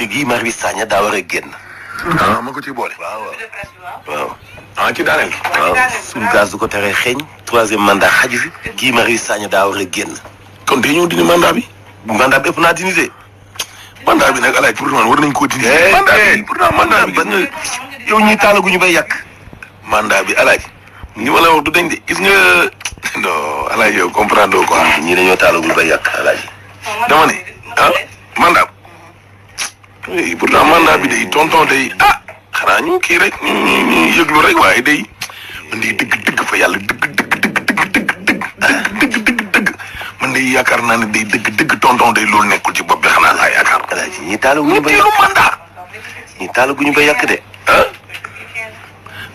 te Guy Marius Sagna daa war a génn. ah ma ko ciy boole. waaw waaw. ah ci daaneel. waaw suñu gaz du ko teree xeeñ. troisième mandat xaju fi. Guy Marius Sagna daa war a génn. kon tey ñëw dindi mandat bi. mandat bi ëpp naa dindi de. mandat bi nag alaay pour man war nañ koo dindi. Eh, mandat bi eh, pourtant mandat bi ba nga yow ñuy taalaguñu bay yàq. mandat bi alaay. ni ma la wax du dañ de gis nga. non alaay yow comprendre loo quoi. ñii dañoo taalaguñu bay yàq alaay. dama ah mandat oui eh, pourtant mandat bi day tonton day ah xanaa ñu kii rek ñu ñu ñu yëglu rek waaye day man day dëgg dëgg fa yàlla dëgg dëgg dëgg dëgg dëgg dëgg man day yaakaar naa ne day dëgg dëgg tonton day loolu nekkul ci bopp bi xanaa laa yaakaar. voilà ci ñi taaluguñu ba yàq mu mandat. ñi taaluguñu ba yàq de. ah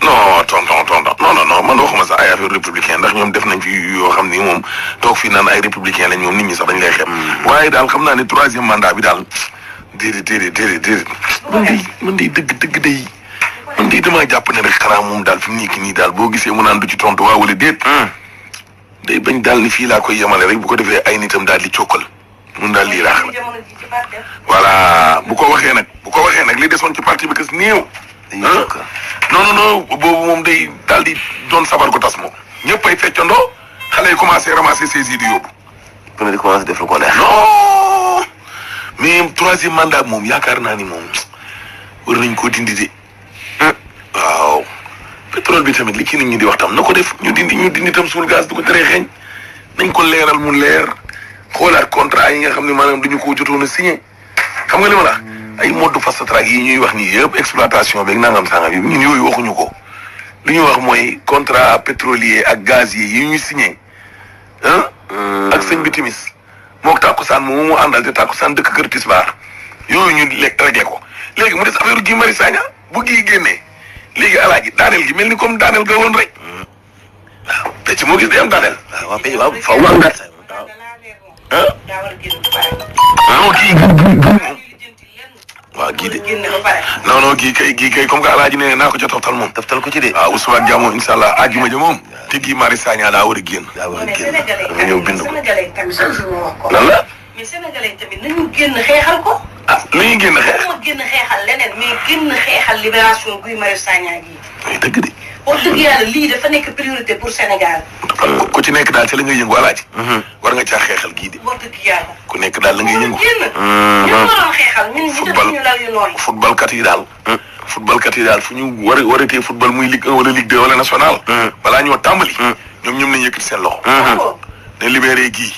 non tonton tonton non non non man waxuma sax ay affaire républicain ndax ñoom def nañ fi yoo xam ni moom toog fii naan ay républicain lañ ñoom nit sax dañ lay xem. Hmm. waaye daal xam naa ne troisième mandat bi daal. déedéet déedéet déedéet déedéet man di man di dëgg dëgg day man di damaa jàpp ne rek xanaa moom daal fi mu nii daal boo gisee mu naan du ci tontu waa wala déet. Hmm. day bañ daal ni fii laa koy yemale rek bu ko defee ay nitam daal di cokkal mun daal lii raax la voilà bu ko waxee nag bu ko waxee nag li desoon ci parti bi kës néew. non non non boobu moom day daal di doon sabar ko tas moom. ñëpp ay feccandoo xale yi commencé ramasser saisi di yóbbu. ku ne di def lu ko mais troisième mandat moom yaakaar naa ni moom war nañ koo dindi de waaw pétrole bi tamit li ci nit ñi di wax tam na ko def ñu dindi ñu dindi tam suul gaz du ko teree xeeñ nañ ko leeral mu leer xoolaat contrat yi nga xam ne maanaam duñu ko jotoon a signé xam nga li ma la ay mode fast track yi ñuy wax nii yëpp exploitation beeg nangam sangam yi ñun yooyu waxuñu ko li ñuy wax mooy contrat pétrolier ak gazier yi ñuy signé ah. ak sëñ bi timis mook tàkkusaan moom mu àndal te tàkkusaan dëkk kër tisbaar yooyu ñu lekk réglé ko léegi mu des affaire Guy Marius Sagna bu gii génnee léegi alaaji daaneel gi mel ni comme daaneel ga woon rek waaw pecc moo gis day am daaneel waaw waaw faw nga ah waaw kii de non non kii kay kii kay comme que alaaji nee naa ko ca toftal ko ci de waaw ah, Ousmane Dia moom insha allah àjjuma ja moom te kii Mari Sagna daa war a génn daa a génn nga ñëw ko lan la mais sénégalais yi tamit nañu génn xeexal ko ah nañu génn xeex ma génn xeexal leneen mais génn xeexal Guy Marius Sagna gi dëgg de wax dëgg yàlla lii dafa nekk priorité pour Sénégal. ku ci nekk daal ca la ngay yëngu alaaji. Mhm. war nga caa xeexal kii de. wax ku nekk daal la ngay yëngu. Mhm. ñun waroon yi daal. Mhm. football kat yi daal fu ñu war waratee football muy Ligue 1 wala Ligue 2 wala national. balaa ñoo tàmbali. ñoom ñoom nañu yëkkati seen loxo. ne libéré kii.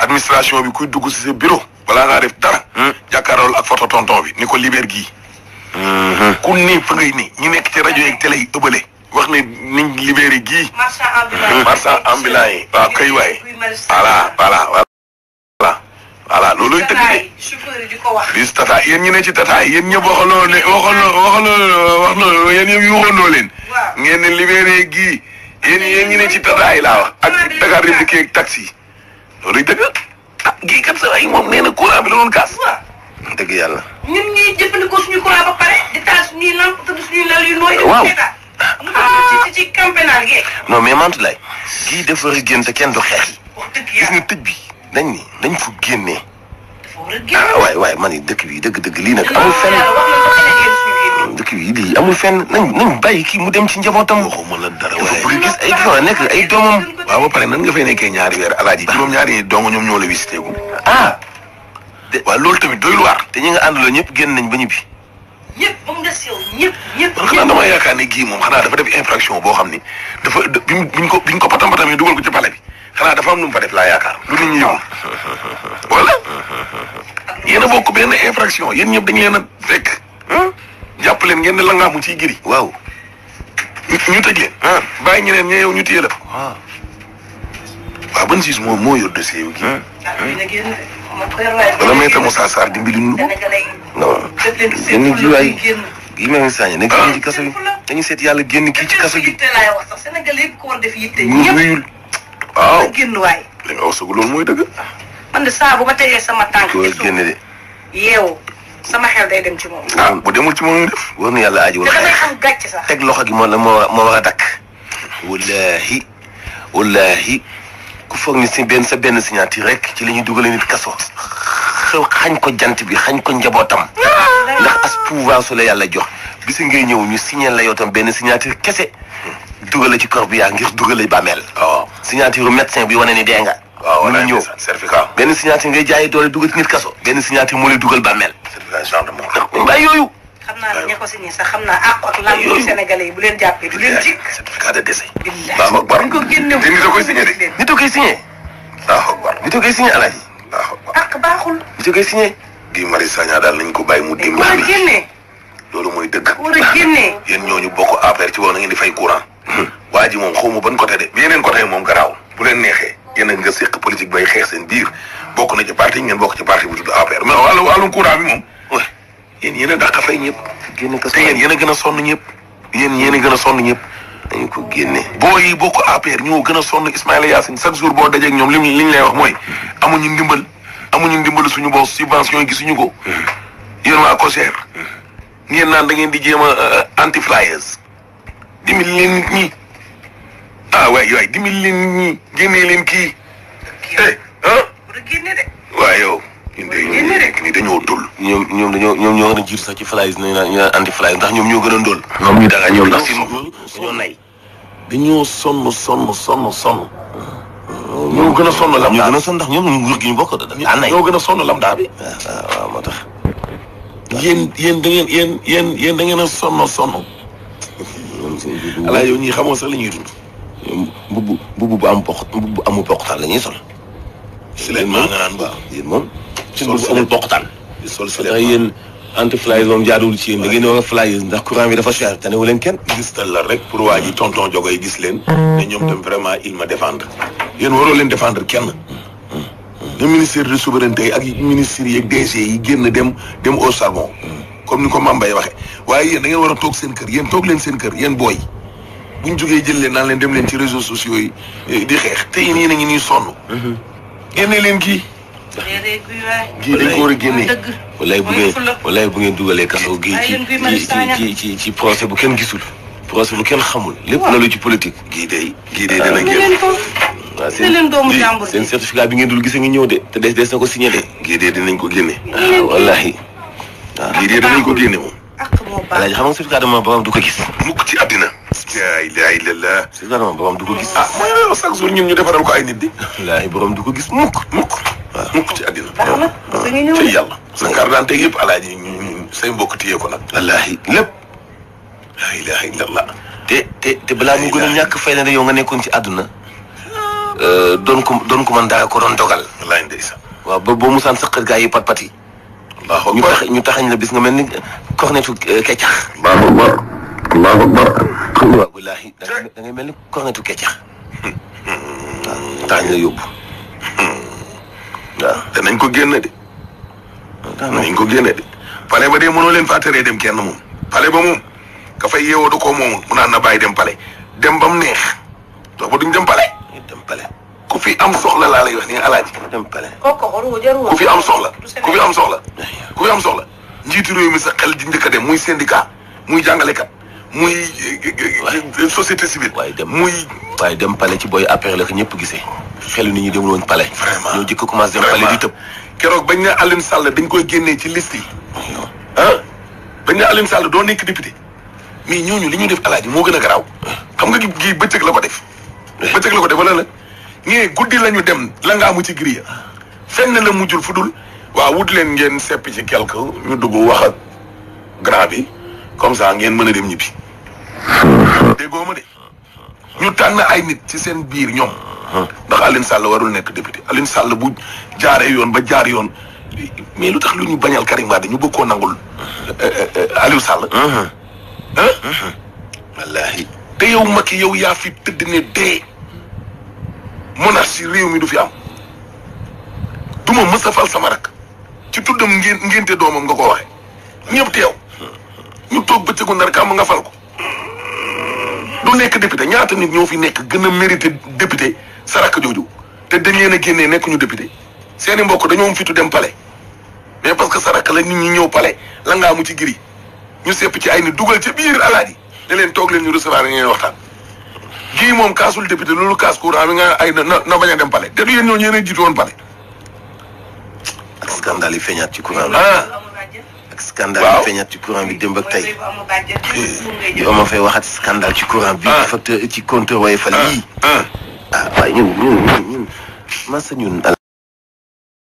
administration bi kuy dugg si sa bureau. balaa ngaa def dara. jàkkaarool ak photo tonton bi ni ko libéré kii. Mhm. ku ne fa ngay ni ñu nekk ci rajo yeeg télé yi ëbbale wax ne niñ libéré gii. marchand ambulant yi waaw kay waay. voilà voilà voilà. voilà loolu tëgg de. bis tata ci tata yéen ñëpp waxaloo ne waxaloo waxaloo wax na yéen ñëpp yuuxandoo leen. ngeen ne gii yéen yéen ñu ne ci tata yi ak Dakar Dem Dikk ak taxi loolu dëgg ah gii kat sa waay na courant bi la doon kaas. dëgg yàlla. ñun ñuy waaw mu ci ci camp pénal gi mais Mantoulaye kii dafa war a génn te kenn du xeex. wax dëgg bi dañ ni dañ fa génnee. dafa war a génne ah dëkk bi dëgg dëgg lii nag amul fenn. dëkk bi lii amul fenn nañ bàyyi kii mu dem ci njabootam. waxuma la dara waaye dafa ay nekk ay doomam. waaw ba pare nan nga fay nekkee ñaari weer alaaji juróom ñaari dong ñoom ñoo la visité waaw loolu tamit doyul waar te ñu nga ànd la ñëpp génn nañ ba ñibbi. ñëpp ba mu des yow ñëpp ñëpp. man xanaa dama ne gii moom xanaa dafa def infraction boo xam ni dafa bi ñu ko bi ñu ko patam patamee dugal ci pale bi xanaa dafa am lu mu fa lu nit ñi yëngu. wala yéen a bokk benn ñëpp dañu leen fekk. jàpp leen ngeen ne la mu ciy giri. waaw ñu tëj leen. bàyyi ñeneen ña la. Ah. waaw ban siis moom moo yor dossier yu kii. wala maître Moussa Sarr dimbali ñu non génn ji waay yi ma ngi sañ nañ génn ci kaso bi dañu seet yàlla génn kii ci kaso bi ñu wuyul waaw li nga wax sagu loolu mooy dëgg man de saa bu ma sama tànk dem ci ah, demul ci moom yàlla aji wala sax teg loxo gi moo la moo moo war a dakk ku foog ni si benn sa benn signature rek ci la ñuy dugal nit kaso xañ ko jant bi xañ ko njabootam ndax as pouvoir su la yàlla jox bisi ngay ñëw ñu signé layootam yow tam benn signature kese dugale ci corps bi yaa ngir dugale bàmmeel waaw signature médecin bi wane ni dee nga waaw ñu ñëw certificat benn signature ngay jaayi doole dugal ci nit kaso benn signature moo lay dugal bàmmeel certificat gendarme yooyu xam naa ne ña ko sax xam naa àqu ak lan yu Sénégalais yi bu leen jàppee du nit a koy signé de. nit a koy signé. waaw waaw nit a koy signé alaaji. waaw àq baaxul. nit a Mari Sagna daal nañ ko bàyyi mu dimbali. loolu mooy dëgg. war a génnee ñooñu bokk affaire ci wax na ngeen di fay courant. waa ji moom xaw ma ban côté de. yeneen côté moom garaaw. bu leen neexee yéen a nga séq politique bay xeex seen biir bokk na ci parti ngeen bokk ci parti bu tudd APR mais wàllu wàllum courant bi moom yéen yéen a dàq fay ñëpp. génne ko te yéen yéen gën a sonn ñëpp. yéen yéen a gën a sonn ñëpp. dañu ko génne. boo yi bokk APR ñoo gën a sonn Ismaïla Yacine chaque jour boo dajee ak ñoom li ñu lay wax mooy amuñu ndimbal amuñu ndimbal suñu bopp subvention yi gisuñu ko. yéen waa COJER. ngeen naan da di jéem a euh, anti flyers. dimbali leen nit ñi. ah waay waay dimbali leen nit ñi génnee kii. eh ah. waaw yow. ñun day ñun ñun dañoo dul. ñoom ñoom dañoo ñoom ñoo gën a jiitu sax ci flyers ñu naan ñu naan anti flyers ndax ñoom ñoo gën a ndóol. ñoom ñu daga ñoom ndax si ñoo nay. dañoo sonn sonn sonn sonn. ñoo gën a sonn lamdaa bi ñoo gën a sonn ndax ñoom ñu wër gi ñu bokk daa nay. ñoo gën a sonn lamdaa bi. waaw ah, ah, waaw moo tax. yéen yéen da ngeen yéen yéen yéen da ngeen a sonn sonn. ala yow ñii xamoo sax li ñuy dund. mbubu mbubu bu am poq mbubu bu amul poqtaal la ñuy sol. si leen moom nga naan waaw yéen moom. ci lu amul bokkutaan. sol su dee yéen entreprise moom jaaduwul ci yéen da ngeen di wax flyers ndax courant bi dafa cher te newu leen kenn. gis tal la rek pour waa ji tonton jogo yi gis leen. Ah, ne ñoom itam vraiment il ma défendre. yéen waroo leen défendre kenn. Mm, mm, mm. le ministère de souveraineté ak ministres yeeg DG yi génn dem dem au charbon. comme ni ko Mame Mbaye waxee waaye yéen da ngeen war a toog seen kër yéen toog leen seen kër yéen booy bu ñu jógee jël leen naan leen dem leen ci réseaux sociaux yi eh, di xeex te a ngi nii gii dañ ko war bu ngeen walaay bu ngeen dugalee kaso gii ci ci ci ci procès bu kenn gisul procès bu kenn xamul lépp na lu ci politique gii day gii day ah, dana génn ah, seen seen certificat bi ngeen dul gis ngi ñëw de te des des na ko signé de gii dinañ ko génne waaw ah, wallaahi waaw gii dee dinañ ko génne moom alaaji xam nga certificat de ma du ko gis mukk ci àddina laa ilaaha illallaah certificat de ma du ko gis ah mooy chaque ñu defaral ko ay nit di wallaahi borom du ko gis mukk mukk ci àddina. waaw ci yàlla. sa carte d'identité yëpp alaaji say mbokk téye ko nag. wallaahi lépp. laa ilaaha illallah. te te te balaa mu gën a ñàkk fay na yow nga nekkoon ci àdduna. Euh, doon ko doon ko man daa ko doon dogal. wallaahi ndeysaan. waaw ba boo musaan saqal gaa yi pat pat yi. ñu tax ñu la bis nga mel ni cornetu euh, keccax. allahu akbar allahu akbar. waaw da mel ni cornetu keccax. taxañ la yóbbu. Hmm. waaw danañ ko génne de. danañ ko génne de. pale ba dee mënoo leen faa teree dem kenn moom. pale ba moom ka fay yeewoo da koo mu naan na bàyyi dem pale dem ba mu neex dox ba duñ dem pale. dem pale ku fi am soxla laa lay wax ni alaaji. dem pale ku fi am soxla. ku fi am soxla. ku fi am soxla njiitu réew mi sa xel di njëkk a dem muy syndicat muy jàngalekat. muy euh, société civile. waaye dem muy. waaye dem pale ci booy après la ko ñëpp gisee. xelu ni ñi demul woon pale. vraiment ñoo jëkk commencé dem pale di tëb. keroog bañ ne Alioune Sall dañ koy génnee ci list yi. ah bañ ne Alioune Sall doo nekk député. mais ñooñu li ñu def alaaji moo gën a garaaw. xam nga gi bëccëg la ko def. Eh. bëccëg la ko def wala la ñee guddi la ñu dem la amu ci grille fenn la mujjul fu dul. waaw wut leen ngeen sepp ci quelque ñu dugg wax ak grand bi. comme ça ngeen mën a dem ñibbi déggoo ma de ñu tànn ay nit ci seen biir ñoom ndax Alioune Sall warul nekk député Alioune Sall bu jaaree yoon ba jaar yoon mais lu tax lu ñu bañal Karim Wade ñu bëgg koo nangul euh, euh, Aliou Sall. ah. wallaahi te yow Macky yow yaa fi tëdd ne dee monarchie réew mi du fi am du moom mës a fal sama rak ci tuddam ngénte doomam nga ko waxe ñëpp teew. ñu toog bëccëgu ndar kàmm nga fal ko du nekk député ñaata nit ñoo fi nekk gën a mérité député sarak jooju te dañ leen a génnee nekk ñu député seeni mbokk dañoo am fitu dem palais mais parce que sarak la nit ñëw palais la ngaa mu ci giri ñu sepp ci ay ni dugal ca biir alaaji ne leen toog leen ñu recevoir ngeen waxtaan gii moom kaasul député loolu kaas courant bi nga ay na na bañ a dem palais te du yéen ñoo ñeen a jiitu woon palais ak scandale yi feeñaat ci ak scandale bi feeñaat ci courant bi démb ak tey. di Ouma Faye waxaat scandale ci courant bi. facteur ci compteur Woyofal yii. ah